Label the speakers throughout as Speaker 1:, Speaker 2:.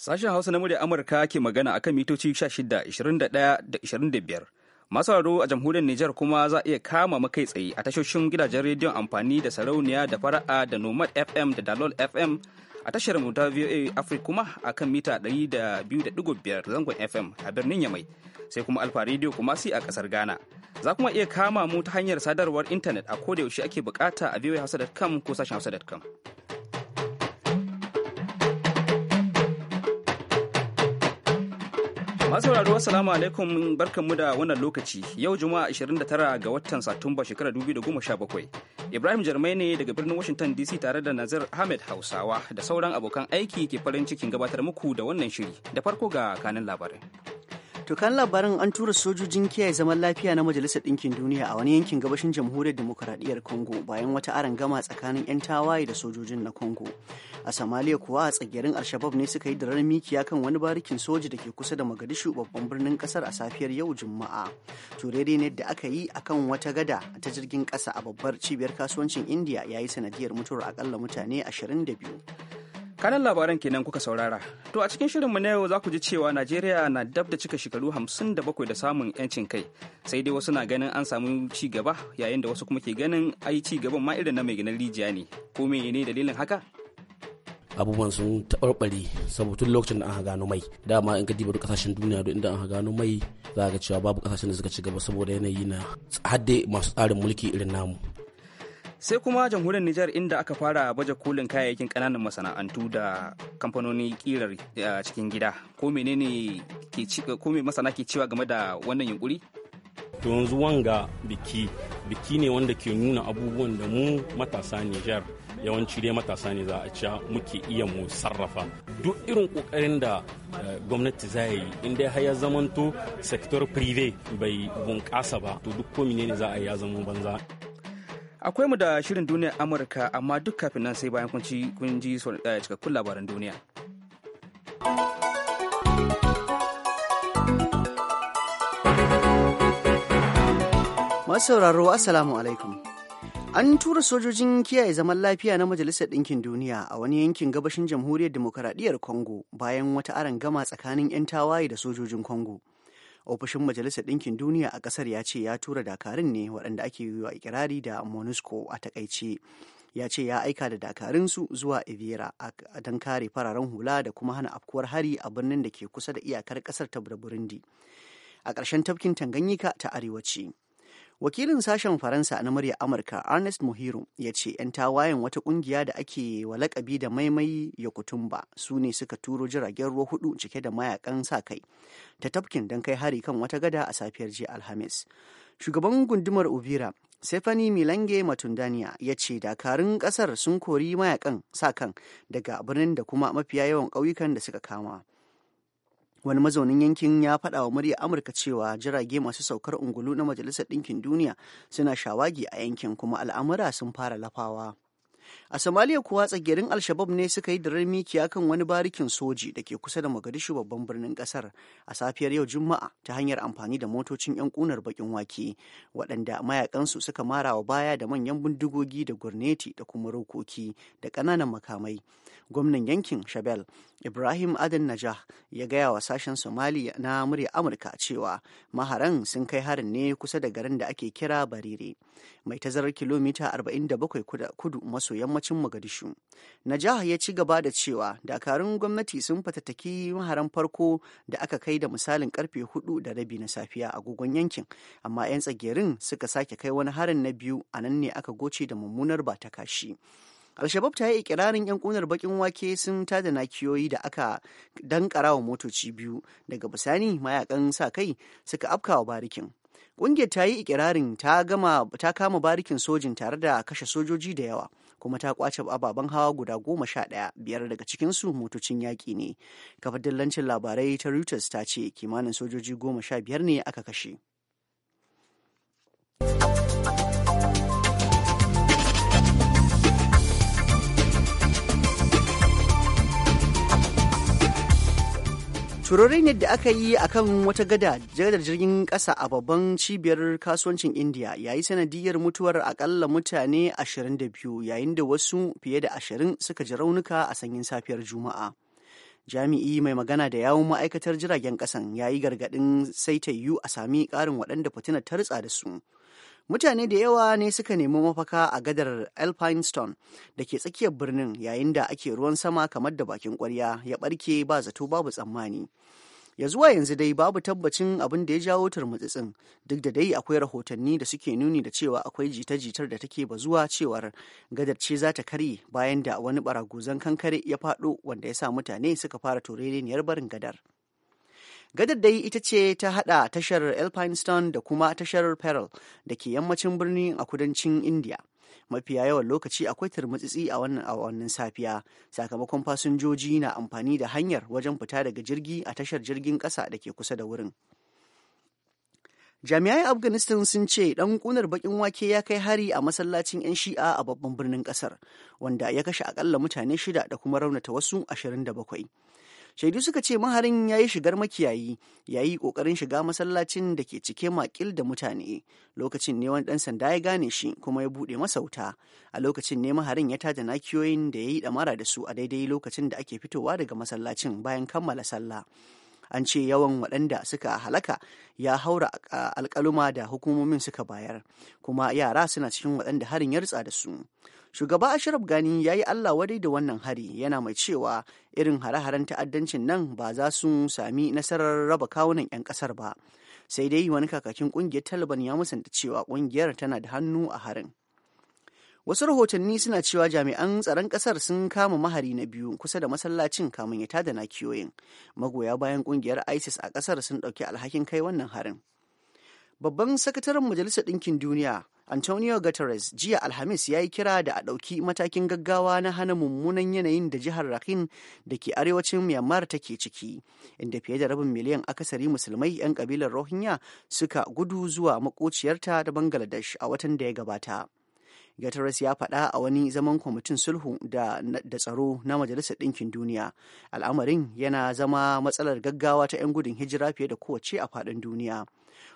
Speaker 1: Sashen Hausa na murya Amurka ke magana akan mitoci 16, 21 da 25. Masu sauraro a jamhuriyar Nijar kuma za a iya kama makai tsaye a tashoshin gidajen rediyon amfani da sarauniya da fara'a da Nomad FM da Dalol FM a tashar mu ta VOA Africa kuma akan mita 200.5 zangon FM a birnin Yamai sai kuma Alfa Radio kuma sai a kasar Ghana. Za kuma iya kama mu ta hanyar sadarwar intanet a kodayaushe yaushe ake bukata a voahausa.com ko sashen hausa.com. masu masauraro assalamu alaikum barkanmu da wannan lokaci yau juma'a 29 ga watan satumba shekarar 2017 ibrahim jarmai ne daga birnin washington dc tare da nazir ahmed hausawa da sauran abokan aiki ke farin cikin gabatar muku da wannan shiri da farko ga kanin labarai
Speaker 2: To kan labarin an tura sojojin kiyaye zaman lafiya na Majalisar Ɗinkin Duniya a wani yankin gabashin Jamhuriyar Demokuraɗiyyar Congo bayan wata aron gama tsakanin 'yan tawaye da sojojin na Congo. A Somalia kuwa a tsagerin Alshabab ne suka yi da mikiya kan wani barikin soji da ke kusa da Mogadishu babban birnin kasar a safiyar yau Juma'a. Turere ne da aka yi akan wata gada ta jirgin ƙasa a babbar cibiyar kasuwancin India yayi sanadiyar mutuwar akalla mutane 22.
Speaker 1: kanan labaran kenan kuka saurara to a cikin shirinmu na yau za ku ji cewa najeriya na dab da cika shekaru 57 da samun yancin kai sai dai wasu na ganin an samu ci gaba yayin da wasu kuma ke ganin a yi ci gaban ma irin na mai ganin rijiya ne ko me ne dalilin haka
Speaker 3: abubuwan sun taɓarɓare saboda tun lokacin da an gano mai dama in ka diba duk kasashen duniya duk inda an gano mai za ga cewa babu kasashen da suka ci gaba saboda yanayi na hadde masu tsarin mulki irin namu
Speaker 1: sai kuma jamhuriyar Nijar inda aka fara baje kolin kayayyakin kananan masana'antu da kamfanoni kirar eh, cikin gida ko menene ko me masana ke cewa game da wannan yunkuri
Speaker 4: to yanzu wanga biki biki ne wanda ke nuna abubuwan da mu matasa Nijar yawanci dai matasa ne za a ci muke iya mu sarrafa duk irin kokarin da eh, gwamnati za yi inda har ya zamanto sektor prive bai bunƙasa ba to duk ko ne za a yi ya zama banza
Speaker 1: akwai mu da shirin duniyar amurka amma duk kafin nan sai bayan kun ji eh, cikakkun labaran duniya
Speaker 2: masu sauraro assalamu alaikum an tura sojojin kiyaye zaman lafiya na majalisar ɗinkin duniya a wani yankin gabashin jamhuriyar demokaradiyyar congo bayan wata aron gama tsakanin 'yan tawaye da sojojin congo ofishin majalisar ɗinkin duniya a ƙasar ya ce ya tura dakarun ne waɗanda ake yi wa ikirari da monusco a takaice ya ce ya aika da dakarunsu zuwa evira don kare fararen hula da kuma hana afkuwar hari a birnin da ke kusa da iyakar ƙasar ta burundi a ƙarshen tafkin tanganyika ta arewaci wakilin sashen faransa na murya amurka ernest muhiro ya ce 'yan tawayen wata kungiya da ake wa lakabi da maimai ya kutumba su ne suka turo jiragen ruwa hudu cike da mayakan sa kai ta tafkin don kai hari kan wata gada a safiyar jiya alhamis shugaban gundumar ubira Stephanie Milange Matundaniya ya ce dakarun kasar sun kori mayakan sa kan daga birnin da kuma mafiya yawan ƙauyukan da suka kama. wani mazaunin yankin ya faɗa wa murya amurka cewa jirage masu saukar ungulu na majalisar ɗinkin duniya suna shawagi a yankin kuma al'amura sun fara lafawa A Somalia kuwa tsagerin Alshabab ne suka yi dirar mikiya kan wani barikin soji da ke kusa da Mogadishu babban birnin kasar a safiyar yau Juma'a ta hanyar amfani da motocin 'yan kunar bakin wake waɗanda mayakansu suka marawa baya da manyan bindigogi da gurneti da kuma rokoki da ƙananan makamai. Gwamnan yankin Shabel Ibrahim Adan Najah ya gaya wa sashen somalia na murya Amurka cewa maharan sun kai harin ne kusa da garin da ake kira Barire mai tazarar kilomita 47 kudu maso yammacin Mogadishu. Najah ya ci gaba da cewa dakarun gwamnati sun fatattaki maharan farko da aka kai da misalin karfe hudu da rabi na safiya a yankin, amma 'yan tsagerin suka sake kai wani harin na biyu a nan ne aka goce da mummunar ba ta kashi. alshabab ta yi ikirarin yan kunar bakin wake sun tada nakiyoyi da aka dankara wa motoci biyu daga bisani mayakan sa kai suka afkawa barikin ƙungiyar ta yi ikirarin ta kama barikin sojin tare da kashe sojoji da yawa kuma ta kwace ababen hawa guda goma sha ɗaya biyar daga cikin su motocin yaƙi ne kafa dillancin labarai ta reuters ta ce kimanin sojoji goma sha biyar ne aka kashe turore ne da aka yi a kan wata gada jagadar jirgin kasa a babban cibiyar kasuwancin indiya yayi sanadiyar mutuwar akalla mutane 22 yayin da wasu fiye da 20 suka ji raunuka a sanyin safiyar juma'a jami'i mai magana da yawon ma'aikatar jiragen kasan yayi gargaɗin gargadin yiwu a sami karin waɗanda fitina ta da su mutane da yawa ne suka nemi mafaka a gadar stone da ke tsakiyar birnin yayin da ake ruwan sama kamar da bakin kwarya ya barke ba zato babu tsammani ya zuwa yanzu dai babu tabbacin abin da ya jawo turmutsitsin duk da dai akwai rahotanni da suke nuni da cewa akwai jita-jitar da take zuwa cewar gadar ce za ta karye bayan da wani baraguzan kankare ya faɗo wanda ya sa mutane suka fara turereniyar barin gadar. Gadar dai ita ce ta haɗa tashar elpinestone da kuma tashar peril da ke yammacin birni a kudancin India. mafiya yawan lokaci akwai turmutsitsi a wannan safiya sakamakon fasinjoji na amfani da hanyar wajen fita daga jirgi a tashar jirgin ƙasa da ke kusa da wurin jami'ai afghanistan sun ce dan kunar bakin wake ya kai hari a masallacin 'yan shi'a a babban birnin ƙasar wanda ya kashe akalla mutane shida da kuma raunata wasu 27 shaidu suka ce maharin ya yi shigar makiyayi ya yi ƙoƙarin shiga masallacin da ke cike makil da mutane lokacin ne wani ɗan sanda ya gane shi kuma ya buɗe masa wuta a lokacin ne maharin ya taja nakiyoyin da ya yi ɗamara da su a daidai lokacin da ake fitowa daga masallacin bayan kammala sallah an ce yawan waɗanda suka halaka ya haura alƙaluma da hukumomin suka bayar kuma yara suna cikin waɗanda harin ya da su Shugaba Ashraf Gani ya yi Allah wadai da wannan hari yana mai cewa irin hare-haren ta'addancin nan ba za su sami nasarar raba kawunan 'yan ƙasar ba. Sai dai wani kakakin ƙungiyar Taliban ya musanta cewa ƙungiyar tana da hannu a harin. Wasu rahotanni suna cewa jami'an tsaron ƙasar sun kama mahari na biyu kusa da masallacin kamun ya tada kiyoyin. Magoya bayan ƙungiyar ISIS a ƙasar sun ɗauki alhakin kai wannan harin. babban sakataren majalisar ɗinkin duniya antonio guterres jiya alhamis ya yi kira da a ɗauki matakin gaggawa na hana mummunan yanayin da jihar rakhine da ke arewacin myanmar take ciki inda fiye da rabin miliyan akasari musulmai 'yan kabilar rohingya suka gudu zuwa makociyarta da bangladesh a watan da ya gabata Guterres ya faɗa a wani zaman kwamitin sulhu da, tsaro na Majalisar Ɗinkin Duniya. Al'amarin yana zama matsalar gaggawa ta 'yan gudun hijira fiye da kowace a faɗin duniya.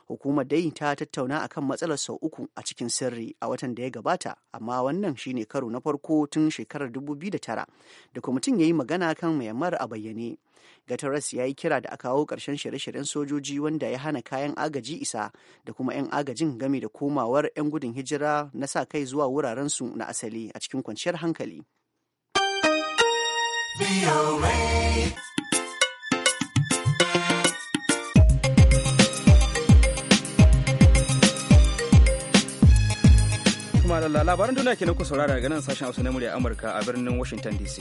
Speaker 2: hukumar dai ta tattauna akan matsalar sau uku a cikin sirri a watan da ya gabata amma wannan shine karo na farko tun shekarar 2009 da kwamitin ya yi magana kan mayammar a bayyane gataras ya yi kira da aka kawo karshen shirye-shiryen sojoji wanda ya hana kayan agaji isa da kuma 'yan agajin game da komawar 'yan gudun hijira na sa kai zuwa wurarensu na asali a cikin kwanciyar hankali.
Speaker 1: madalla labaran duniya kenan ku saurara daga nan sashen hausa na murya amurka a birnin washington dc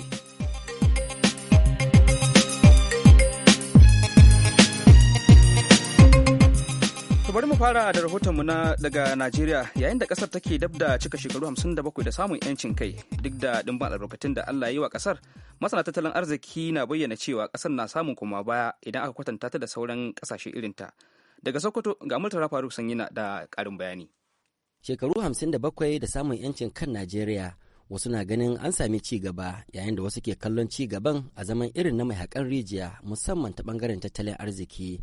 Speaker 1: bari mu fara da rahotonmu na daga Najeriya yayin da kasar take dab da cika shekaru 57 da samun 'yancin kai duk da dimbin albarkatun da Allah ya yi wa kasar masana tattalin arziki na bayyana cewa kasar na samun koma baya idan aka kwatanta ta da sauran kasashe irinta daga Sokoto ga Murtala Faruk Sanyina da karin bayani.
Speaker 5: shekaru 57 da samun 'yancin kan najeriya wasu na ganin an sami ci gaba yayin da wasu ke kallon ci gaban a zaman irin na mai haƙan rijiya musamman ta ɓangaren tattalin arziki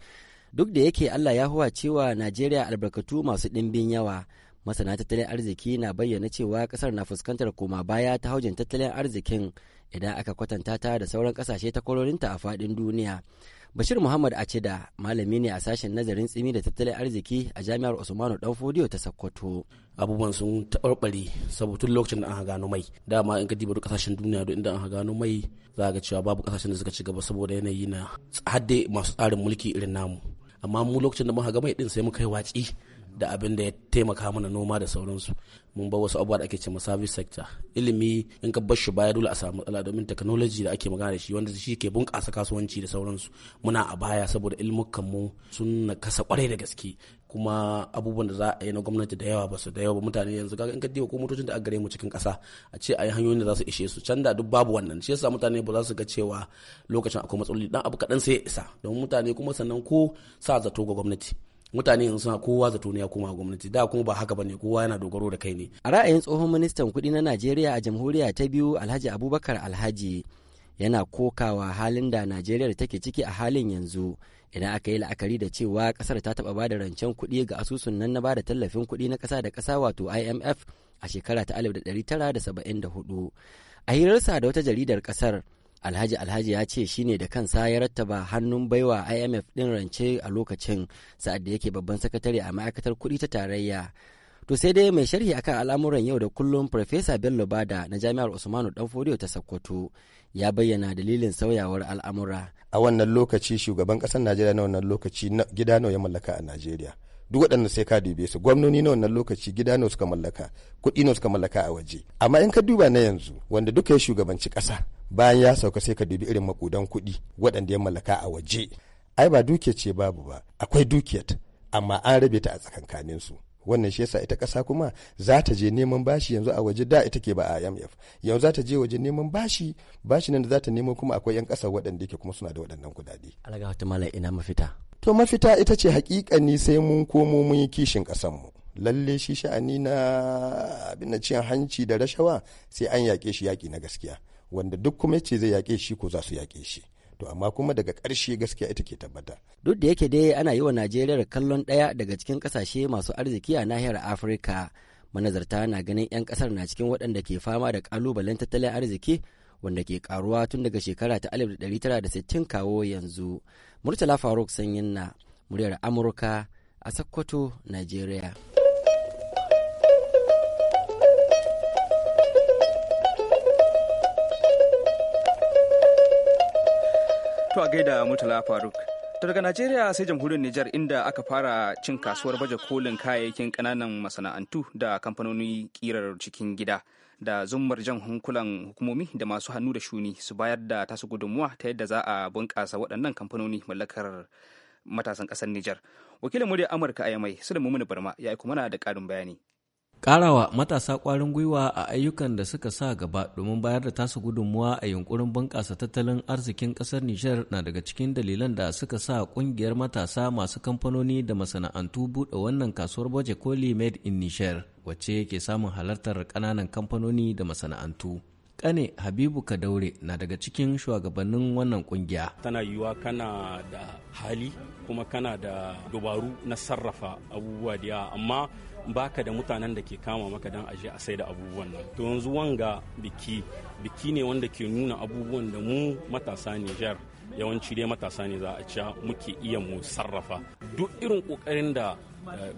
Speaker 5: duk da yake allah ya huwa cewa najeriya albarkatu masu ɗimbin yawa masana tattalin arziki na bayyana cewa ƙasar na fuskantar koma baya ta hujin tattalin arzikin idan aka kwatanta ta da sauran ƙasashe kasashe takwarorinta a faɗin duniya Bashir Muhammad a da malami
Speaker 3: ne a sashen nazarin tsimi da tattalin arziki a Jami'ar Usmanu Danfodiyo ta Sokoto. Abubuwan sun taɓarɓare saboda tun lokacin da an gano mai. Dama in ka diba duk kasashen duniya duk inda an gano mai za ga cewa babu kasashen da suka ci gaba saboda yanayi na hadde masu tsarin mulki irin namu. Amma mu lokacin da muka ga mai ɗin sai muka yi watsi da abin da ya taimaka mana noma da sauransu mun ba wasu abubuwa da ake cewa service sector ilimi in ka bar shi baya dole a samu matsala domin technology da ake magana da shi wanda shi ke bunƙasa kasuwanci da sauransu muna a baya saboda ilmukan mu sun kasa kwarai da gaske kuma abubuwan da za a yi na gwamnati da yawa ba su da yawa ba mutane yanzu kaga in ka diba ko motocin da aka mu cikin ƙasa a ce a yi hanyoyin da za su ishe su can da duk babu wannan shi yasa mutane ba za su ga cewa lokacin akwai matsaloli dan abu kaɗan sai ya isa don mutane kuma sannan ko sa zato ga gwamnati mutane yanzu suna kowa zato ne ya koma gwamnati da kuma ba haka bane kowa yana dogaro da kai ne a ra'ayin tsohon ministan kuɗi na Najeriya a jamhuriya ta biyu Alhaji Abubakar Alhaji
Speaker 5: yana kokawa halin da Najeriya da take ciki a halin yanzu idan aka yi la'akari da cewa kasar ta taɓa bada rancen kuɗi ga asusun nan na bada tallafin kuɗi na ƙasa da ƙasa wato IMF a shekara ta 1974 a hirarsa da wata jaridar ƙasar alhaji alhaji ya ce shine da kansa ya rattaba hannun baiwa imf din rance a lokacin sa'ad da yake babban sakatare a ma'aikatar kuɗi ta tarayya to sai dai mai sharhi akan al'amuran yau da kullum profesa bello bada na jami'ar usmanu danfodiyo ta sokoto ya bayyana dalilin sauyawar al'amura
Speaker 6: a wannan lokaci shugaban ƙasar najeriya na wannan lokaci gida nawa ya mallaka a najeriya duk waɗanda sai ka dube su gwamnoni na wannan lokaci gida nawa suka mallaka kuɗi nawa suka mallaka a waje amma in ka duba na yanzu wanda duka ya shugabanci ƙasa bayan ya sauka sai ka dubi irin makudan kuɗi waɗanda ya mallaka a waje ai ba dukiya ce babu ba akwai dukiyat amma an rabe ta a tsakankanin su wannan shi yasa ita ƙasa kuma za ta je neman bashi yanzu a waje da ita ke ba a IMF yanzu za ta je waje neman bashi bashi nan da za ta nemo kuma akwai 'yan ƙasa waɗanda ke kuma suna da waɗannan kudade.
Speaker 5: Alaga wata mala'i ina mafita.
Speaker 6: To mafita ita ce hakikani sai mun komo mun yi kishin ƙasanmu. Lalle shi sha'ani na abin cin hanci da rashawa sai an yaƙe shi yaƙi na gaskiya. wanda duk kuma ce
Speaker 5: zai yaƙe shi ko za su yaƙe shi to amma kuma daga ƙarshe gaskiya ita ke tabbata. Duk da yake dai ana yi wa Najeriya kallon ɗaya daga cikin ƙasashe masu arziki a nahiyar Afirka. Manazarta na ganin 'yan ƙasar na cikin waɗanda ke fama da ƙalubalen tattalin arziki wanda ke karuwa tun daga shekara ta 1960 kawo yanzu. Murtala Faruk Sanyin na muryar Amurka a Sokoto, Najeriya.
Speaker 1: To a gaida Murtala Faruk. To daga Najeriya sai jamhuriyar Nijar inda aka fara cin kasuwar baje kolin kayayyakin kananan masana'antu da kamfanoni kirar cikin gida da zumar jan hankulan hukumomi da masu hannu da shuni su bayar da tasu gudunmuwa ta yadda za a bunkasa waɗannan kamfanoni mallakar matasan ƙasar Nijar. Wakilin muryar Amurka a Yamai, mumini Barma ya aiko mana da ƙarin bayani.
Speaker 7: Ƙarawa matasa ƙwarin gwiwa a ayyukan da suka sa gaba domin bayar da tasu gudunmuwa a yunkurin bunƙasa tattalin arzikin ƙasar Nijar na daga cikin dalilan da suka sa ƙungiyar matasa masu kamfanoni da masana'antu buɗe wannan kasuwar baje koli made in Nijar wacce ke samun halartar ƙananan kamfanoni da masana'antu. Kane Habibu Kadaure na daga cikin shugabannin wannan kungiya.
Speaker 4: Tana yiwuwa kana da hali kuma kana da dubaru na sarrafa abubuwa da yawa amma baka da mutanen da ke kama maka don aje a sai da abubuwan nan. To yanzu wanga biki biki ne wanda ke nuna abubuwan da mu matasa Nijar yawanci dai matasa ne za a ci muke iya mu sarrafa duk irin kokarin da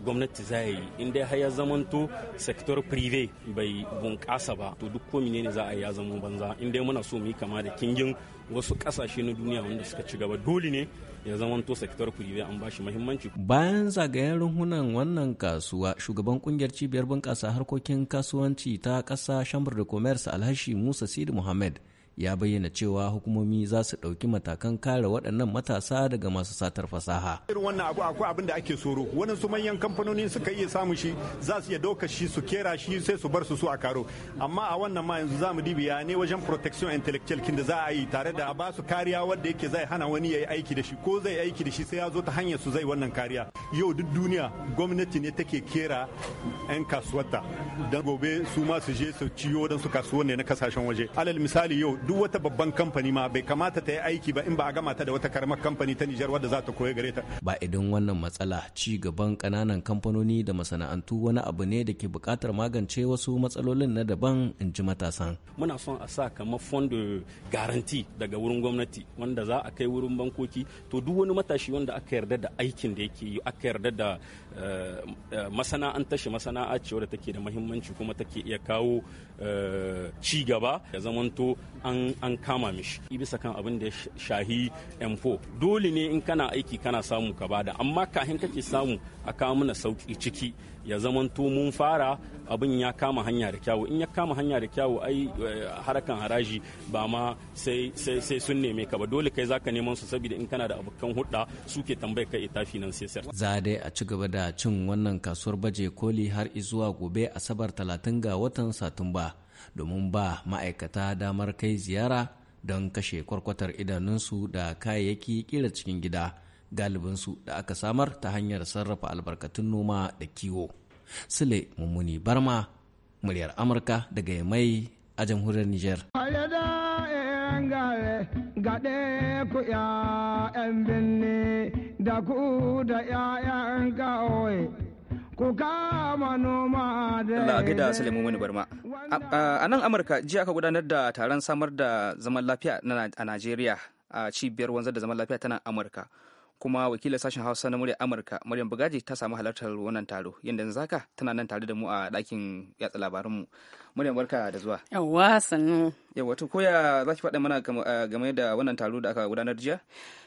Speaker 4: gwamnati za yi in dai har ya zamanto sektor prive bai bunƙasa ba to duk ko ne za a yi ya zama banza in dai muna so mu yi kama da kingin wasu ƙasashe na duniya wanda suka ci gaba dole ne ya zamanto sektor prive an bashi muhimmanci
Speaker 7: bayan zagayen runhunan wannan kasuwa shugaban kungiyar cibiyar bunƙasa harkokin kasuwanci ta ƙasa shambar da commerce alhashi musa sidi muhammad ya bayyana cewa hukumomi za su ɗauki matakan kare waɗannan matasa daga masu satar fasaha.
Speaker 8: Irin wannan abu akwai abin da ake soro wani su manyan kamfanoni suka iya samu shi za su iya ɗauka shi su kera shi sai su bar su su a karo amma a wannan ma yanzu za mu dibiya ne wajen protection intellectual kin da za a yi tare da a ba su kariya wanda yake zai hana wani ya yi aiki da shi ko zai aiki da shi sai ya zo ta hanyar su zai wannan kariya yau duk duniya gwamnati ne take kera 'yan kasuwarta don gobe su ma su je su ciyo don su kasuwa ne na kasashen waje alal misali yau duk wata babban kamfani ma bai kamata ta yi aiki ba in ba a gama ta da wata karamar kamfani ta Nijar wadda za ta koya gare ta.
Speaker 7: Ba idan wannan matsala ci gaban kananan kamfanoni da masana'antu wani abu ne da ke buƙatar magance wasu matsalolin na daban in ji matasan.
Speaker 4: Muna son a sa kamar fond garanti daga wurin gwamnati wanda za a kai wurin bankoki to duk wani matashi wanda aka yarda da aikin da yake yi aka yarda da Eh, masana'antar shi masana'a ce wadda take da mahimmanci kuma take iya kawo eh, ci gaba ya zamanto an kama mishi bisa kan abin da ya shahi m4 dole ne in kana aiki kana samu ka bada amma kahin kake samu a kawo mana sauki ciki ya zamanto mun fara abin ya kama hanya da kyawu in ya kama hanya da kyawu ai eh, harakan haraji ba ma sai sun neme ka ba dole kai zaka neman su saboda in kana da abokan hudda suke tambayar kai itafi
Speaker 7: nan sai sir za dai a ci gaba da cin wannan kasuwar baje koli har izuwa gobe asabar 30 ga watan satumba domin ba ma'aikata damar kai ziyara don kashe kwarkwatar idanunsu da kayayyaki kira cikin gida galibinsu da aka samar ta hanyar sarrafa albarkatun noma da kiwo. Sule Mummuni Barma, muryar Amurka daga Yamai a jamhuriyar Nijar.
Speaker 8: Eh, gaɗe ku ‘ya'yan binne da ku da ‘ya'yan kawai ku kama noma da Allah
Speaker 1: da Barma. A nan Amurka jiya aka gudanar da taron samar da zaman lafiya a Najeriya a cibiyar wanzar da zaman lafiya ta nan Amurka. kuma wakilar sashen hausa na murya amurka maryam bugaji ta samu halartar wannan taro yadda zaka tana nan tare da mu a ɗakin yatsa labarinmu. muryar barka da zuwa. Yawwa sannu. Yawwa to koya za ki faɗa mana eh,
Speaker 9: game da wannan taro da aka gudanar jiya?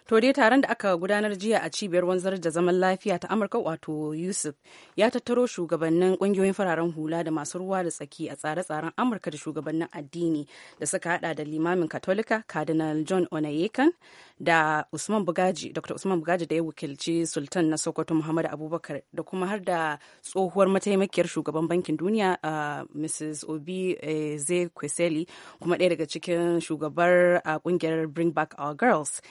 Speaker 9: To dai taron da aka gudanar jiya a cibiyar wanzar da zaman lafiya ta Amurka wato Yusuf ya tattaro shugabannin ƙungiyoyin fararen hula da masu ruwa da tsaki a tsare-tsaren Amurka da shugabannin addini da suka hada da limamin Katolika Cardinal John Onayekan da Usman Bugaji Dr. Usman Bugaji da ya wakilci Sultan na Sokoto Muhammad Abubakar da kuma har da tsohuwar mataimakiyar shugaban bankin duniya ah, Mrs. obi eh, zai kuma ɗaya daga cikin shugabar kungiyar bring back our girls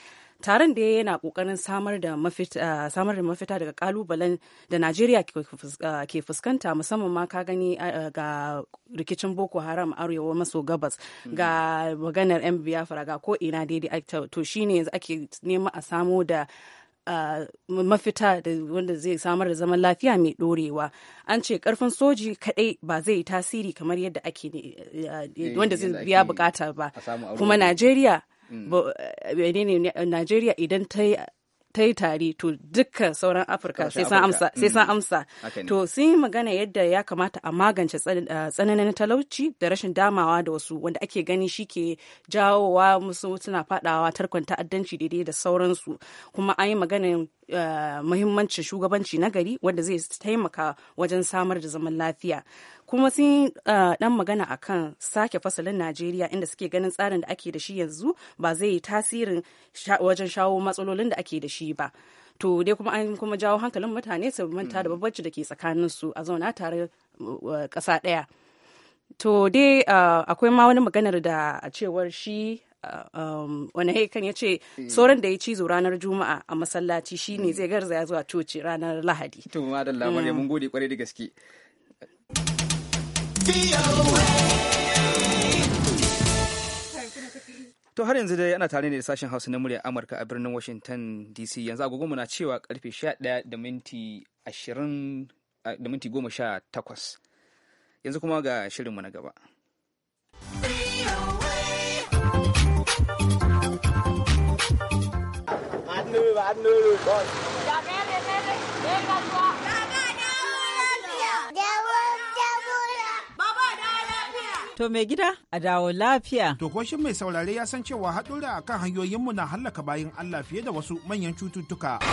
Speaker 9: taron da yana kokarin samar da mafita daga ƙalubalen da najeriya ke fuskanta musamman ma ka gani ga rikicin boko haram arewa maso gabas mm. ga maganar yan biyafara ga ko ina daidai to shine yanzu ake nema a samo da Uh, mafita da wanda zai samar da zaman lafiya mai dorewa an ce karfin soji kadai ba zai tasiri kamar yadda ake ne eh, eh, wanda zai biya bukata ba kuma najeriya mm. eh, Nigeria idan ta ta yi tari to dukkan sauran afirka sai san amsa mm. to sun yi magana yadda ya kamata a magance eh, tsananin talauci da rashin damawa da wasu wanda ake gani shi ke jawowa musu suna fadawa tarkon ta'addanci daidai da sauransu kuma an yi maganin eh, muhimmancin shugabanci na gari wanda zai taimaka wajen samar da zaman lafiya kuma sun dan ah, magana akan sake fasalin najeriya inda suke ganin tsarin da ake da shi yanzu ba zai yi tasirin wajen shawo matsalolin da ake da shi ba to dai kuma an kuma jawo hankalin mutane su manta da mm. babbanci da ke tsakanin su a zauna tare ƙasa ɗaya to dai ah, akwai ma wani maganar da a cewar shi ah, um, wani haikan ya ce mm. sauran da ya cizo ranar juma'a a masallaci ne mm. zai garzaya zuwa coci ranar lahadi to madalla mun
Speaker 1: gode kwarai da gaske To har yanzu dai ana tare ne da sashen Hausa na murya Amurka a birnin Washington DC yanzu agogo na cewa karfe 11 da minti 18. Yanzu kuma ga shirinmu na gaba.
Speaker 9: To
Speaker 8: mai gida a dawo lafiya. To mai saurare ya san cewa haɗura a kan hanyoyinmu na hallaka bayan Allah fiye da wasu manyan cututtuka.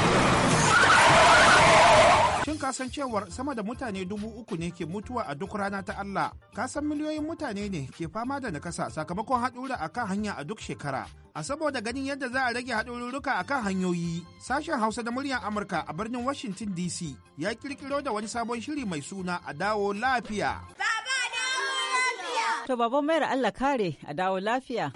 Speaker 8: Shin ka san cewar sama da mutane dubu uku ne ke mutuwa a duk rana ta Allah? Ka san miliyoyin mutane ne ke fama da nakasa sakamakon haɗura a kan hanya a duk shekara. A saboda ganin yadda za a rage haɗururruka a kan hanyoyi, sashen Hausa da muryar Amurka a birnin Washington DC ya ƙirƙiro da wani sabon shiri mai suna a dawo lafiya. To baban mayar Allah kare a dawo lafiya.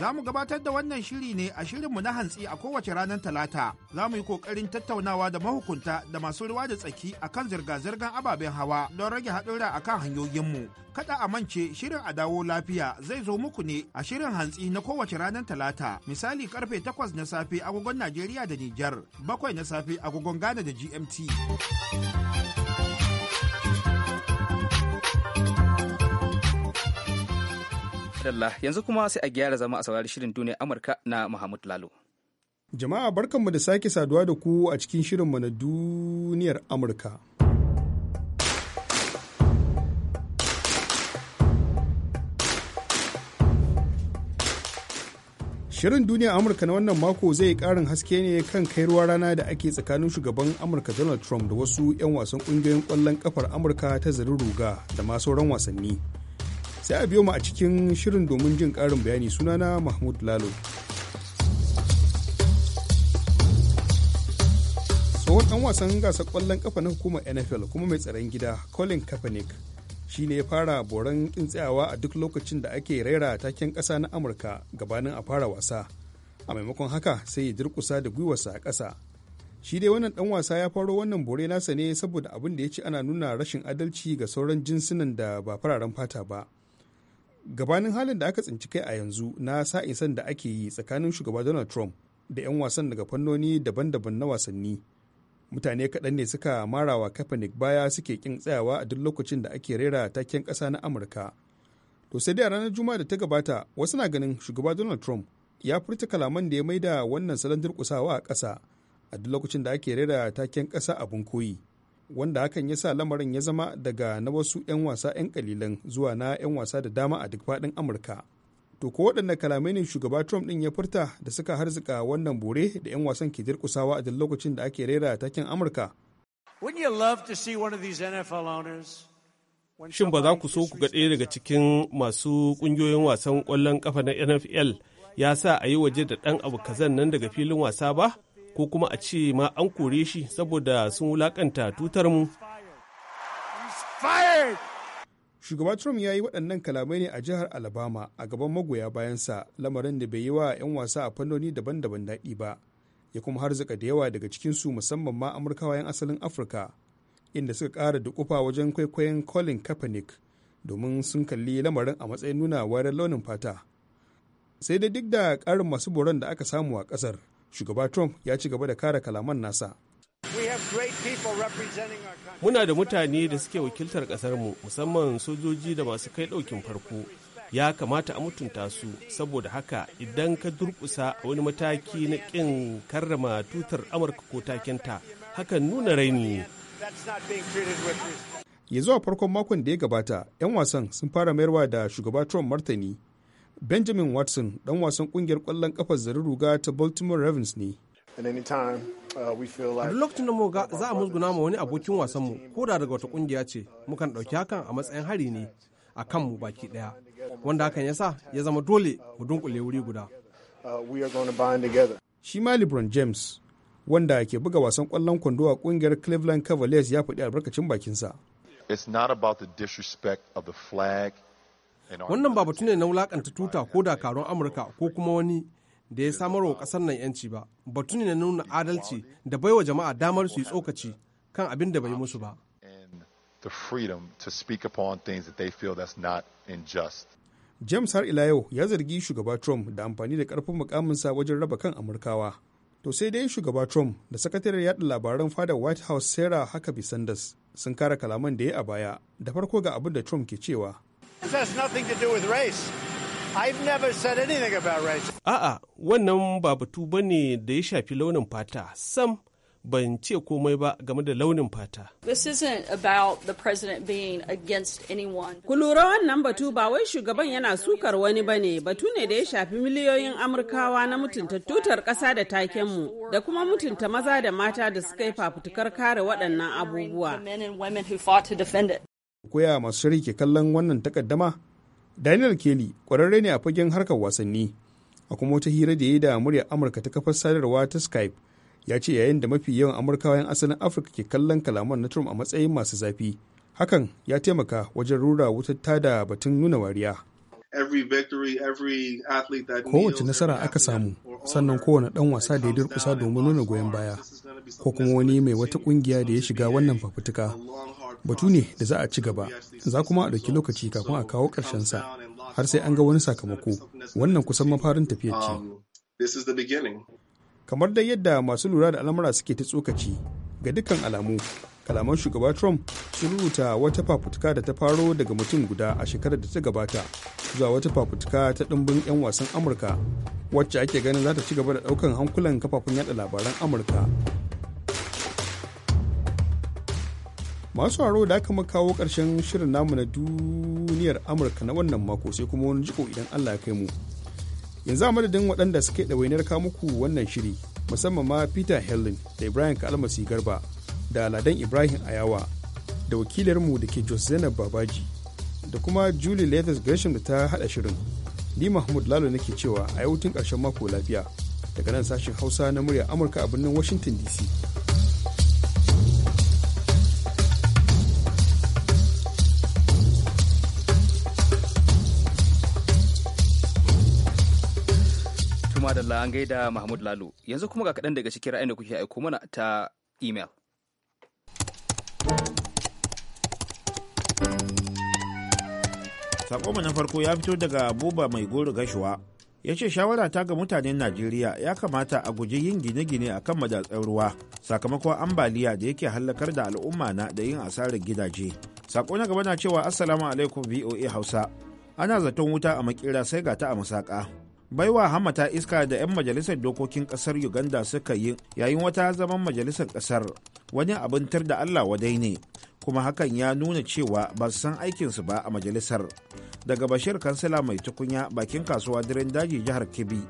Speaker 8: Za mu gabatar da wannan shiri ne a shirinmu na hantsi a kowace ranar Talata. Za mu yi kokarin tattaunawa da mahukunta da masu ruwa da tsaki akan zirga-zirgar ababen hawa don rage haɗura akan hanyoyinmu. Kada a mance shirin a dawo lafiya zai zo muku ne a shirin hantsi na kowace ranar Talata. Misali karfe 8 na safe agogon Najeriya da Nijar, bakwai na safe agogon Ghana da GMT.
Speaker 1: Dalla yanzu kuma sai a gyara zama a saurari shirin duniya Amurka na Muhammad Lalo.
Speaker 6: Jama'a barkanmu da sake saduwa da ku a cikin shirinmu na duniyar Amurka. Shirin duniya Amurka na wannan mako zai karin haske ne kan kai ruwa rana da ake tsakanin shugaban Amurka Donald Trump da wasu 'yan wasan ƙungiyoyin ƙwallon ƙafar Amurka ta zarin ruga da ma sauran wasanni. sai a biyo mu a cikin shirin domin jin ƙarin bayani sunana mahmud lalo tsohon dan wasan gasar kwallon kafa na hukumar nfl kuma mai tsaron gida colin kaepernick shi ne ya fara boran kin tsayawa a duk lokacin da ake raira taken ƙasa na amurka gabanin a fara wasa a maimakon haka sai ya durkusa da gwiwarsa a ƙasa shi dai wannan dan wasa ya faro wannan bore nasa ne saboda abin da ya ce ana nuna rashin adalci ga sauran jinsunan da ba fararen fata ba gabanin halin da aka tsinci kai a yanzu na sa'in da ake yi tsakanin shugaba donald trump da 'yan wasan daga fannoni daban-daban na wasanni mutane kaɗan ne suka marawa kaepernick baya suke kin tsayawa a duk lokacin da ake rera taken ƙasa na amurka to sai dai a ranar juma'a da ta gabata wasu na ganin shugaba donald trump ya furta kalaman da ya maida wannan salon durƙusawa a ƙasa a duk lokacin da ake rera taken ƙasa abin koyi wanda hakan ya sa lamarin ya zama daga na wasu 'yan wasa 'yan kalilan zuwa na 'yan wasa da dama a duk faɗin amurka to ko waɗanne kalamai ne shugaba trump ɗin ya furta da suka harzika wannan bore da 'yan wasan ke dirkusawa a duk lokacin da ake rera takin amurka Shin ba za ku so ku ga ɗaya daga cikin masu ƙungiyoyin wasan ƙwallon ƙafa na NFL ya sa a yi waje da ɗan abu kazan nan daga filin wasa ba? ko kuma a ce ma an kore shi saboda sun wulakanta tutar mu. Shugaba Trump ya yi waɗannan kalamai ne a jihar Alabama a gaban magoya bayansa lamarin da bai yi wa 'yan wasa a fannoni daban-daban daɗi ba, ya kuma harzuka da yawa daga cikin su musamman ma Amurkawa 'yan asalin Afirka, inda suka ƙara dukufa wajen kwaikwayon Colin Kaepernick domin sun kalli lamarin a matsayin nuna wayar launin fata. Sai dai duk da ƙarin masu boron da aka samu a ƙasar, shugaba trump ya ci gaba da kare kalaman nasa muna da mutane da suke wakiltar ƙasarmu musamman sojoji da masu kai ɗaukin farko ya kamata a mutunta su saboda haka idan ka durkusa a wani mataki na ƙin karrama tutar amurka ko takinta hakan nuna raini yanzu ya farkon makon da ya gabata 'yan wasan sun fara mayarwa da shugaba trump martani benjamin watson dan wasan kungiyar kwallon ƙafar zarin ruga ta baltimore ravens ne
Speaker 8: uh, duk
Speaker 6: lokacin da muka za a musguna ma wani abokin wasanmu ko da daga wata kungiya ce mukan ɗauki hakan a matsayin hari ne a kanmu baki ɗaya wanda hakan ya sa ya zama dole mu dunkule wuri guda
Speaker 8: uh,
Speaker 6: shi ma lebron james wanda ke buga wasan kwallon kwando a kungiyar cleveland cavaliers ya faɗi albarkacin bakinsa
Speaker 4: it's not about the disrespect of the flag
Speaker 6: Wannan ba batu ne na wulakanta tuta ko dakarun Amurka ko kuma wani da ya samar wa kasar nan 'yanci ba, batu ne na nuna adalci da bai wa jama'a damar su yi tsokaci kan abin da bai musu ba. James har ila yau ya zargi shugaba Trump da amfani da ƙarfin mukaminsa wajen raba kan Amurkawa. To sai dai shugaba Trump da sakataren yada labaran fadar White House Sarah Huckabee Sanders sun kara kalaman da ya a baya da farko ga abin da Trump ke cewa.
Speaker 8: This has nothing to do with race. I've never said anything about race.
Speaker 6: A'a, wannan ba batu ne da ya shafi launin fata. Sam ban ce komai ba game da launin fata.
Speaker 9: This isn't about the president being against anyone. Ku lura wannan batu ba wai shugaban yana sukar wani bane batu ne da ya shafi miliyoyin Amurkawa na mutunta tutar ƙasa da takenmu da kuma mutunta maza da mata da suka yi fafutukar kare waɗannan abubuwa.
Speaker 6: koya masu shari ke kallon wannan takaddama daniel kelly kwararre ne a fagen harkar wasanni a kuma wata hira da ya yi da muryar amurka ta kafar sadarwa ta skype ya ce yayin da mafi yawan amurkawa asalin afirka ke kallon kalaman na trump a matsayin masu zafi hakan ya taimaka wajen rura wutar tada batun nuna wariya Kowace nasara aka samu, sannan kowane ɗan wasa da ya durkusa domin nuna goyon baya, ko kuma wani mai wata ƙungiya da ya shiga wannan fafutuka. Batu ne da za a ci gaba, za kuma a ɗauki lokaci kafin a kawo sa har sai an ga wani sakamako, wannan kusan mafarin tafiyar ce.
Speaker 5: Um,
Speaker 6: Kamar dai yadda masu lura da al'amura suke ta tsokaci, ga dukkan alamu, kalaman shugaba trump sun rubuta wata fafutuka da ta faro daga mutum guda a shekarar da ta gabata zuwa wata fafutuka ta ɗimbin 'yan wasan amurka wacce ake ganin za ta ci gaba da ɗaukan hankulan kafafun yada labaran amurka masu haro da aka makawo ƙarshen shirin namu na duniyar amurka na wannan mako sai kuma wani jiko idan allah ya kai mu yanzu a madadin waɗanda suke ɗawainar muku wannan shiri musamman ma peter helen da ibrahim kalmasi garba da Ladan Ibrahim Ayawa da wakilarmu da ke Jos Zainab Babaji da kuma Julie Leathers Gresham da ta hada shirin. Ni Mahmud Lalo nake cewa a yau tun mako lafiya daga nan sashen Hausa na murya Amurka a birnin Washington DC.
Speaker 1: Tuma an gaida Mahmud Lalo yanzu kuma ga kaɗan daga cikin ra'ayin da kuke aiko mana ta email.
Speaker 8: sako na farko ya fito daga Buba Mai Goro Gashuwa. Ya ce shawara ta ga mutanen Najeriya ya kamata a guji yin gine-gine a kan madatsar ruwa sakamakon ambaliya da yake hallakar da al'umma na da yin asarar gidaje. Sako na gaba na cewa Assalamu alaikum VOA Hausa. Ana zaton wuta a makera sai ga ta a musaka. baiwa hamata iska da 'yan majalisar dokokin kasar uganda suka yi yayin wata zaman majalisar kasar wani abin tar da allah wadai ne kuma hakan ya nuna cewa ba su san aikinsu ba a majalisar daga bashir kansila mai tukunya bakin kasuwa diren daji jihar kebbi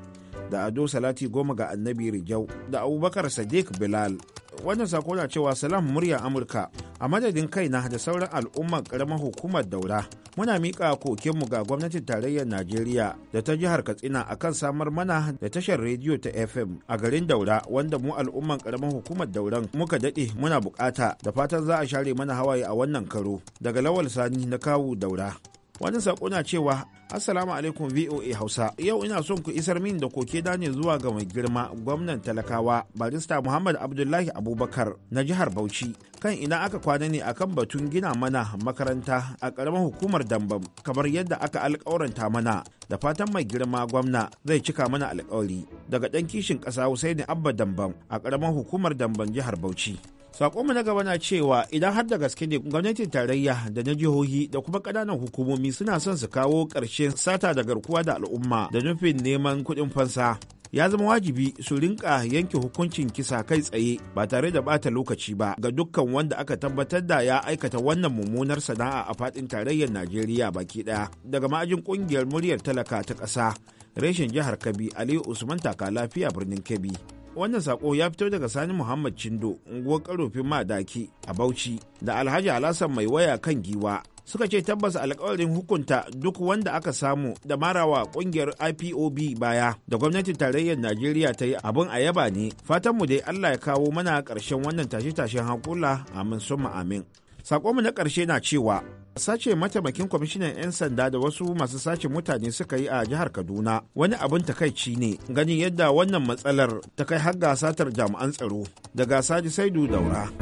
Speaker 8: da ado salati goma ga annabi rijau da abubakar sadiq bilal wannan sako na cewa salam muryar amurka a madadin kaina da sauran al'ummar karamar hukumar daura muna miƙa mu ga gwamnatin tarayyar najeriya da ta jihar katsina akan samar mana da tashar rediyo ta fm a garin daura wanda mu al'umman karamar hukumar dauran muka daɗe muna bukata da fatan za a share mana hawaye a wannan karo daga lawal sani na kawu daura wani sako na cewa assalamu alaikum voa hausa yau ina son ku isar min da koke dane zuwa ga mai girma gwamnan talakawa barista muhammad abdullahi abubakar na jihar bauchi kan ina aka kwana ne akan batun gina mana makaranta a karamar hukumar dambam kamar yadda aka alkawaranta mana da fatan mai girma gwamna zai cika mana alkawari daga ɗan kishin ƙasa husaini abba dambam a karamar hukumar dambam jihar bauchi Sakonmu na gaba na cewa idan har da gaske ne gwamnatin tarayya da na jihohi da kuma ƙananan hukumomi suna son su kawo ƙarshen sata da garkuwa da al'umma da nufin neman kuɗin fansa. Ya zama wajibi su rinka yanke hukuncin kisa kai tsaye ba tare da bata lokaci ba ga dukkan wanda aka tabbatar da ya aikata wannan mummunar sana'a a faɗin tarayyar Najeriya baki ɗaya. Daga ma'ajin ƙungiyar muryar talaka ta ƙasa reshen jihar Kabi Aliyu Usman Taka lafiya birnin Kabi. wannan sako ya fito daga sani muhammad cindo unguwar karofin madaki a bauchi da alhaji alhassan mai waya kan giwa suka ce tabbas alkawarin hukunta duk wanda aka samu da marawa kungiyar ipob baya da gwamnatin tarayyar najeriya ta yi abin a yaba ne fatanmu dai allah ya kawo mana ƙarshen wannan tashe-tashen hankula amin summa amin sakonmu na ƙarshe na cewa sace mataimakin kwamishinan 'yan sanda da wasu masu sace mutane suka yi a jihar kaduna wani abin takaici ne ganin yadda wannan matsalar ta kai har ga satar jami'an tsaro daga saji saidu daura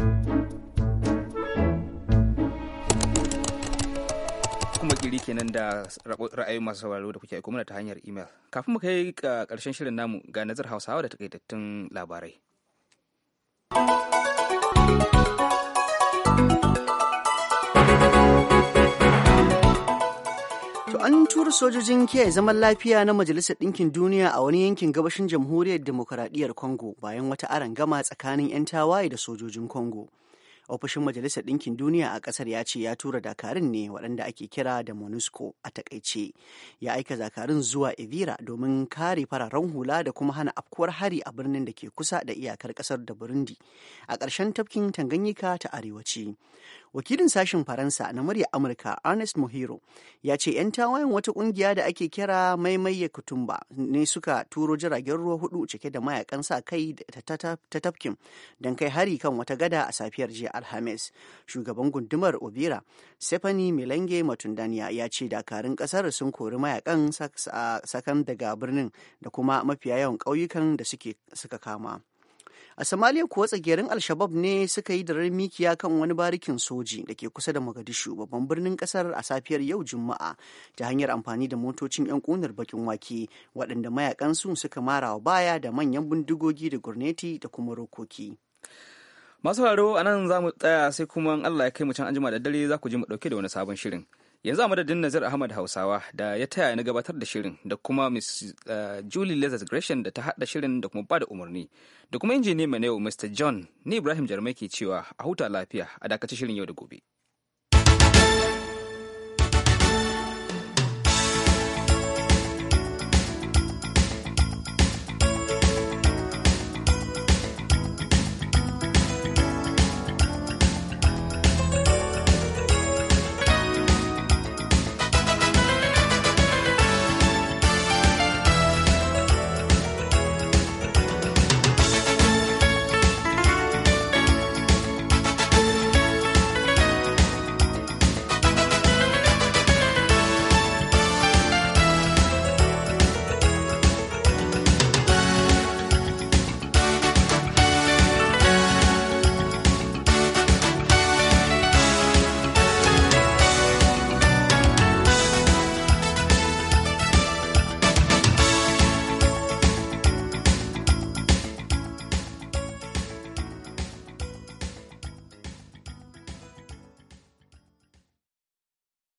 Speaker 1: kuma kiri kenan da ra'ayoyin masu sauraro da kuke aiko mana ta hanyar imel kafin mu kai karshen shirin namu ga nazar hausawa da takaitattun labarai
Speaker 2: an tura sojojin kiyaye zaman lafiya na Majalisar Ɗinkin Duniya a wani yankin gabashin Jamhuriyar Demokaradiyyar Congo bayan wata arangama tsakanin 'yan tawaye da sojojin Congo. Ofishin Majalisar Ɗinkin Duniya a ƙasar ya ce ya tura dakarun ne waɗanda ake kira da MONUSCO a takaice. Ya aika dakarun zuwa Evira domin kare fararen hula da kuma hana afkuwar hari a birnin da ke kusa da iyakar ƙasar da Burundi a ƙarshen tafkin Tanganyika ta arewaci. wakilin sashen faransa na murya amurka ernest mohiro ya ce 'yan tawayen wata kungiya da ake kira maimaiye kutumba ne suka turo jiragen ruwa hudu cike da mayakan sa kai ta tafkin don kai hari kan wata gada a safiyar jiya alhamis shugaban gundumar obira stephanie milenge matundaniya ya ce dakarun kasar sun kori mayakan sakan daga birnin da kuma mafiya yawan ƙauyukan da suka kama a somalia kuwa tsagerin alshabab ne suka yi darar mikiya kan wani barikin soji da ke kusa da mogadishu babban birnin kasar a safiyar yau juma'a ta hanyar amfani da motocin 'yan kunar bakin wake waɗanda su suka mara wa baya da manyan bindigogi da gurneti da kuma rokoki
Speaker 1: masu faro a nan za mu tsaya sai kuma allah ya kai mu can anjima da dare za ku ji mu ɗauke da wani sabon shirin yanzu a madadin nazir ahmad hausawa da ya taya na gabatar da shirin da kuma miss eh, julie lezard gresham da ta haɗa shirin da kuma bada umarni da kuma injini mai yau mr john ni ibrahim jarmai ke cewa a huta lafiya a dakaci shirin yau da gobe